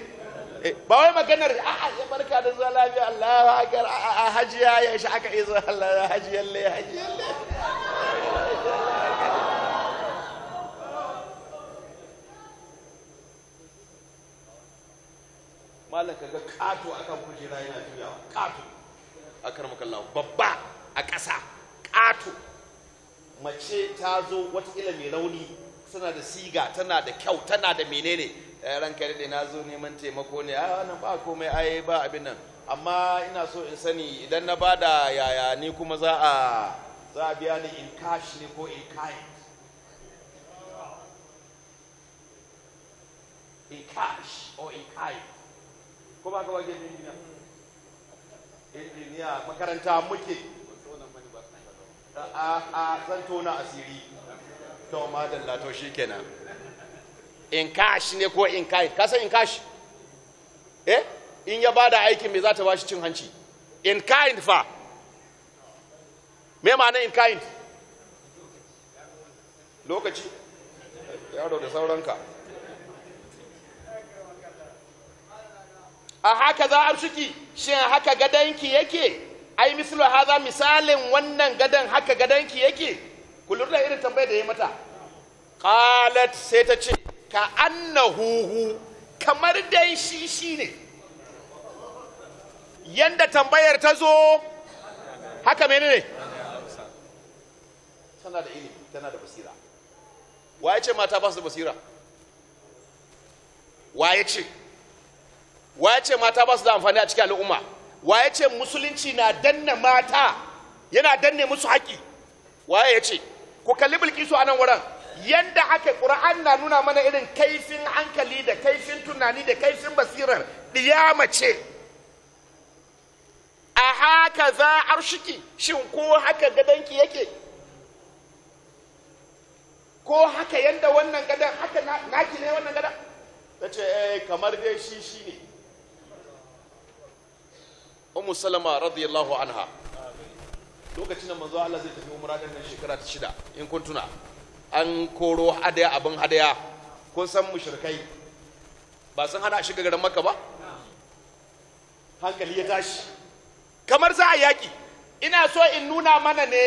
eh, ba wai maganar a'a ya barka da zuwa lafiya Allahu ya a'a hajiya ya shi aka izo Allah ya hajiyalle malam ka ga kato akan kujera yana juyawa kato a karmakallahu babba a ƙasa kato mace ta zo watakila mai rauni tana da siga tana da kyau tana da menene eh, ranka daɗe na zo neman taimako ne a ah, wannan ba komai ai ba abin nan amma ina so in sani idan na bada yaya ni kuma za a za a biya ni in cash ne ko in kind in cash or in kind ko ba ka ba gefen injiniya makaranta muke a zan tona asiri to lato shi kenan in kashi ne ko in kai ka san in kashi? eh in ya bada aikin me za ta bashi cin hanci in kind fa me ma'ana in kind lokaci yaro da sauranka a haka za a shiki shin haka gadanki yake ai mislu haza misalin wannan gadan haka gadanki yake ku lura irin tambayar da ya mata qalat sai ta ce ka annahu kamar dai shi ne yanda tambayar ta zo haka menene tana da ilimi tana da basira Wa ya ce mata ba su da basira Wa ya ce ya ce mata ba su da amfani a cikin al'umma ya ce musulunci na danna mata yana danne musu haƙi waye ya ce ku kalli bilkisu a nan wurin yadda aka ƙura'an na nuna mana irin kaifin hankali da kaifin tunani da kaifin basirar ɗiyama ce a haka za arshiki shin ko haka gadonki yake ko haka yadda wannan gadon haka naki ne wannan gadon ta ce eh, kamar dai shi shi ne ummu salama radiyallahu anha lokacin da manzo Allah zai tafi umra din nan shekara ta shida in kun tuna an koro hadaya abin hadaya kun san mushrikai ba sun hana shiga garin makka ba hankali ya tashi kamar za a yaki ina so in nuna mana ne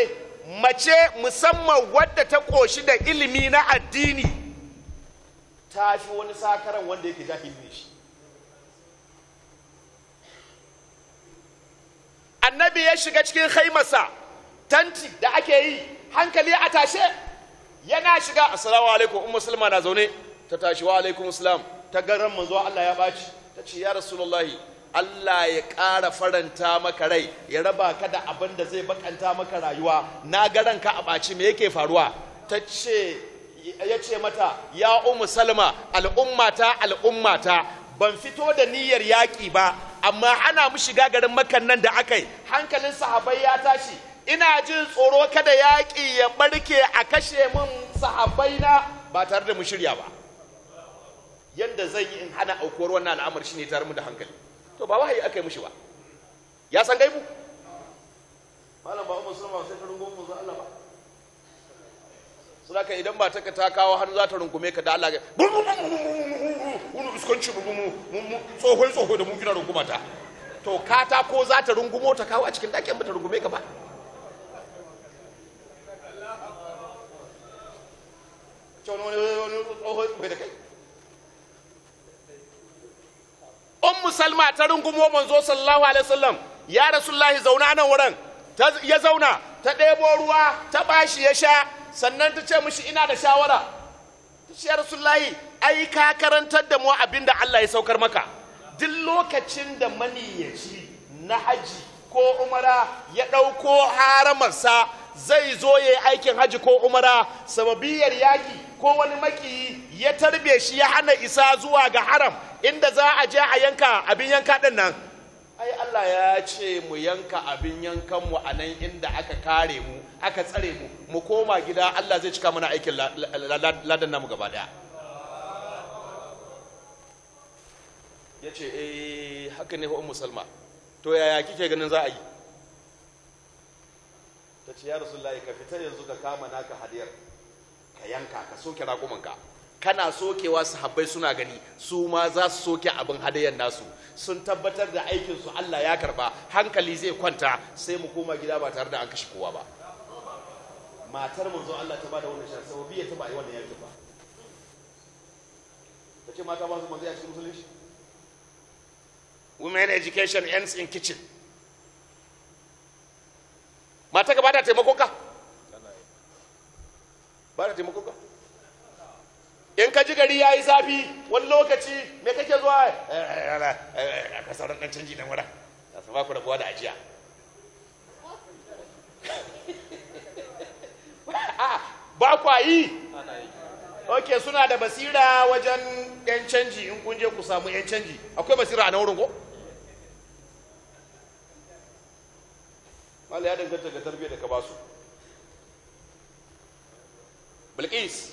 mace musamman wadda ta koshi da ilimi na addini ta fi wani sakaran wanda yake jahilin shi annabi ya shiga cikin haimasa tanti da ake yi hankali a tashe yana shiga assalamu alaikum in musulma na zaune ta tashi wa alaikum assalam ta garan manzo Allah ya baci ta ce ya rasulullahi Allah ya ƙara faranta maka rai ya raba ka da abin da zai bakanta maka rayuwa na garan a ɓaci me yake faruwa ta ce ya ce mata ya umu salma al'ummata al'ummata ban fito da niyyar yaƙi ba amma ana mu shiga garin makan nan da aka yi hankalin sahabai ya tashi ina jin tsoro kada yaƙi ya barke a kashe mun sahabai na ba tare da mu shirya ba yanda zan yi in hana aukuwar wannan al'amari shine tare mu da hankali to ba wahayi aka yi mushi ba ya san gaibu malam ba umar sulma sai ka rungume mu za Allah ba saboda idan ba ta ka ta kawo hannu za ta rungume ka da Allah ga wani iskanci rungumu tsohon tsoho da mugina kina runguma ta to kata ko za ta rungumo ta kawo a cikin ɗakin ba ta rungume ka ba on musalma ta rungumo manzo sallallahu alaihi wasallam ya rasulullahi zauna nan wurin ya zauna ta ɗebo ruwa ta bashi ya sha sannan ta ce mishi ina da shawara ya rasulullahi ai ka karantar da mu abin da Allah ya saukar maka duk lokacin da maniyyaci na haji ko umara ya ɗauko haramarsa zai zo ya yi aikin haji ko umara sababiyar yaƙi ko wani maki ya tarbe shi ya hana isa zuwa ga haram inda za a je a yanka abin yanka ɗin nan ai Allah ya ce mu yanka abin yankan mu anan nan inda aka kare mu aka tsare mu mu koma gida Allah zai cika mana aikin ladan namu gaba daya ya ce eh haka ne ha'un musulma to yaya kike ganin za a yi ta ce ya rasulullahi ka fita yanzu ka kama naka hadiyar ka yanka ka soke ka kana sokewa Habbai suna gani su ma za su soke abin hadayan nasu sun tabbatar da aikin su Allah ya karba hankali zai kwanta sai mu koma gida ba tare da an kashe kowa ba matar manzo Allah ta bada wannan shar sabobi ya taba yi wannan yankin ba tace mata ba su manzo ya ci musulunci women education ends in kitchen mata ka bada taimakon ka bada taimakon ka in ka ji gari ya yi zafi wani lokaci me kake zuwa a eh, eh, eh, sauran ɗan canji na mura da su ku rabuwa da ajiya ah, ba kwayi ok suna da basira wajen yan canji in kun je ku samu yan canji akwai basira a nan wurin ko ya danganta ga tarbiyyar da ka basu bilkis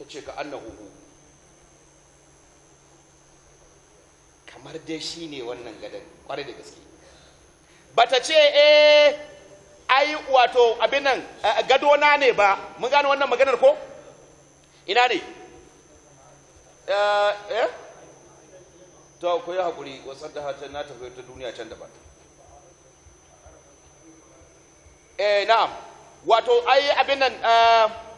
ta ce ka annahu kamar dai shi ne wannan gadon kwarai da gaske ba ta ce eh ai wato abin nan eh, gadona ne ba mun gane wannan maganar ko ina ne eh, eh? to ku yi haƙuri wasan da hatan na tafi ta duniya can da ba eh na'am wato ai abin nan eh,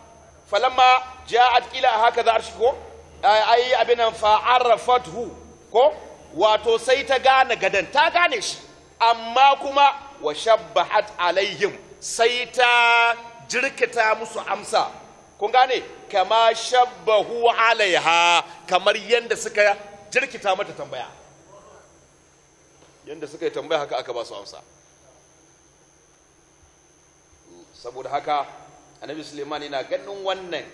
falamma ja'at ila haka za arshi ko ai abin nan fa'arafathu ko wato sai ta gane gadan ta gane shi amma kuma wa shabbahat alaihim sai ta jirkita musu amsa kun gane kama shabbahu alaiha kamar yadda suka jirkita mata tambaya yadda suka yi tambaya haka aka ba su amsa saboda haka annabi suleiman yana ganin wannan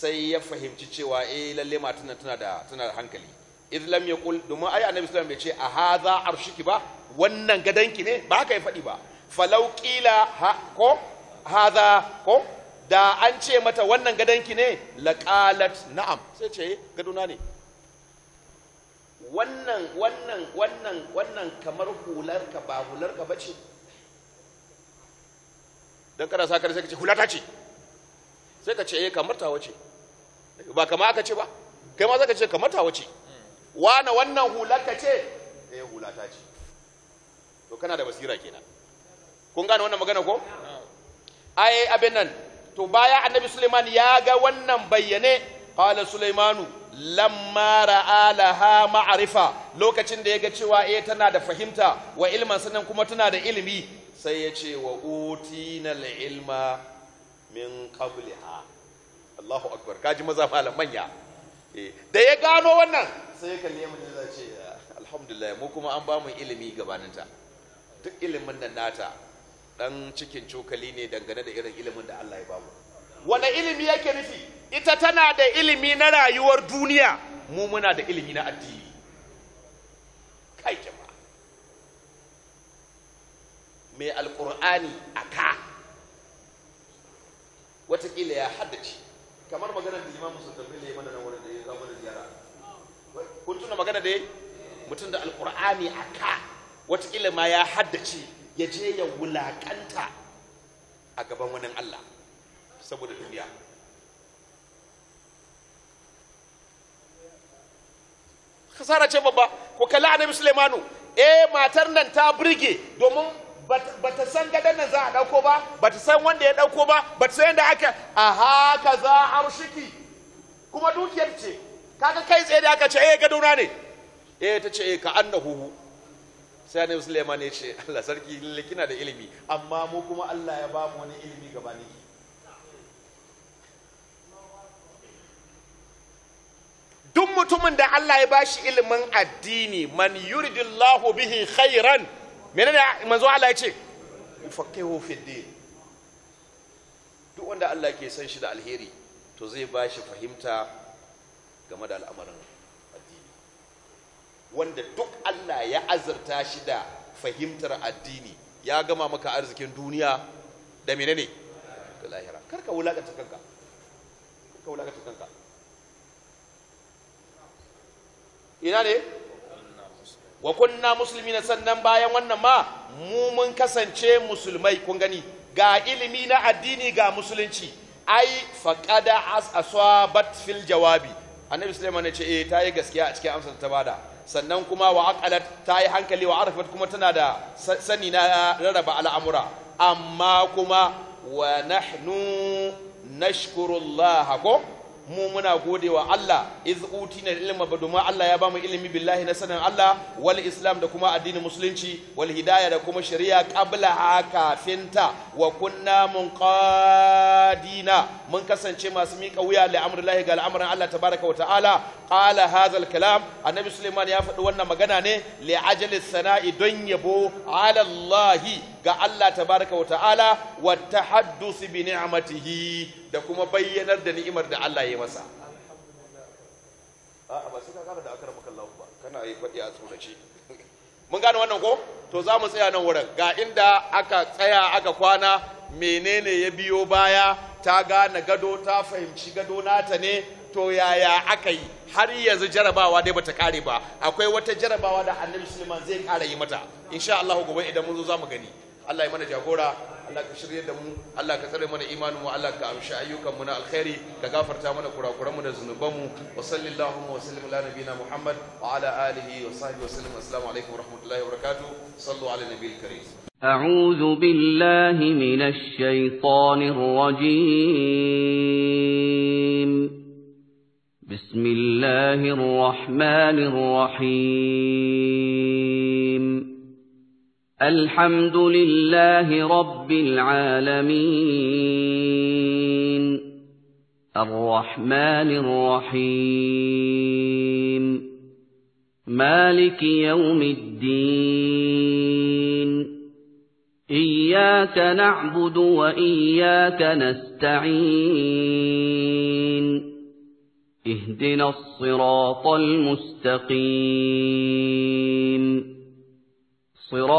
sai ya fahimci cewa eh lalle matan tana da tana da hankali idh lam yaqul domin ai annabi suleiman bai ce a hadha arshiki ba wannan gadanki ne ba haka ya faɗi ba falau qila ko hadha ko da an ce mata wannan gadonki ne Laqalat na'am sai ce eh, gaduna ne wannan wannan wannan wannan kamar hularka ba hularka ba ce don kana sakar sai ka ce hulata ce sai ka ce eh kamar ta wace ba kama aka ce ba kai ma zaka ce kamar ta wace wana wannan hulaka ce eh hulata ce to kana da basira kenan kun gane wannan magana ko ai abin nan to baya annabi Suleiman ya ga wannan bayyane qala Suleimanu lamma ra'a laha ma'rifa lokacin da ya ga cewa eh tana da fahimta wa ilman sannan kuma tana da ilimi sai ya ce wa utina ilma min qabliha Allahu akbar kaji maza malam manya eh, da ya gano wannan sai ya kalle mu da ce alhamdulillah mu kuma an ba mu ilimi gabaninta duk ilimin nan nata dan cikin cokali ne dangane da irin ilimin da Allah ya ba mu wani ilimi yake nufi ita tana da ilimi na rayuwar duniya mu muna da ilimi na addini kai jama'a mai alkur'ani a ka watakila ya haddace kamar magana da imam tafi ne mana nan wani da ya zama da ziyara kun tuna magana da ya mutum da alkur'ani a ka watakila ma ya haddace ya je ya wulakanta a gaban wani allah saboda duniya kasara ce babba ko kala annabi sulemanu eh matar nan ta burge domin ba ta san gadon nan za a ɗauko ba ba ta san wanda ya ɗauko ba ba ta san yadda aka a haka za a arshiki kuma dukiyar ce kaga kai tsaye da aka ce eh na ne eh ta ce eh ka annahu sai annabi Sulaiman ya ce Allah sarki lalle kina da ilimi amma mu kuma Allah ya ba mu wani ilimi gaba ne duk mutumin da Allah ya bashi ilimin addini man yuridillahu bihi khairan menene manzo Allah ya ce yufaqihu fid din duk wanda Allah ke san shi da alheri to zai ba shi fahimta game da al'amarin addini wanda duk Allah ya azurta shi da fahimtar addini ya gama maka arzikin duniya da menene da lahira karka wulakanta kanka karka wulakanta kanka ina ne wa kunna muslimina sannan bayan wannan ma mu mun kasance musulmai kun gani ga ilimi na addini ga musulunci ai faqada asabat fil jawabi annabi sulaiman ya ce eh ta yi gaskiya a cikin amsar ta bada sannan kuma wa aqalat ta yi hankali wa arafat kuma tana da sani na rarraba al'amura amma kuma wa nahnu nashkurullaha ko mu muna gode wa Allah iz utina ilma domin Allah ya bamu ilimi billahi na sanin Allah wal islam da kuma addinin musulunci wal hidayah da kuma shari'a qabla finta wa kunna munqadina mun kasance masu miƙa wuya li amrillahi ga al'amarin Allah tabaraka wa ta'ala qala hadha kalam annabi Suleiman ya faɗi wannan magana ne li ajali sana'i don yabo ala Allahi ga Allah tabaraka wa ta'ala wa tahaddusi bi ni'matihi da kuma bayyanar da ni'imar da Allah ya masa a ba sai ka da ba kana mun gane wannan ko to za mu tsaya nan wurin ga inda aka tsaya aka kwana menene ya biyo baya ta gane gado ta fahimci gado nata ne to yaya aka yi har yanzu jarabawa dai bata kare ba akwai wata jarabawa da annabi suleiman zai kara yi mata insha Allah gobe idan mun zo za mu gani الله يمنا جعورا الله كشري دمو الله كسر منا إيمانه الله كأمشي أيوكم منا الخيري كعافر تامنا كورا كورا منا زنبامو وصلى الله وسلم على نبينا محمد وعلى آله وصحبه وسلم السلام عليكم ورحمة الله وبركاته صلوا على النبي الكريم أعوذ بالله من الشيطان الرجيم بسم الله الرحمن الرحيم الحمد لله رب العالمين الرحمن الرحيم مالك يوم الدين إياك نعبد وإياك نستعين اهدنا الصراط المستقيم صراط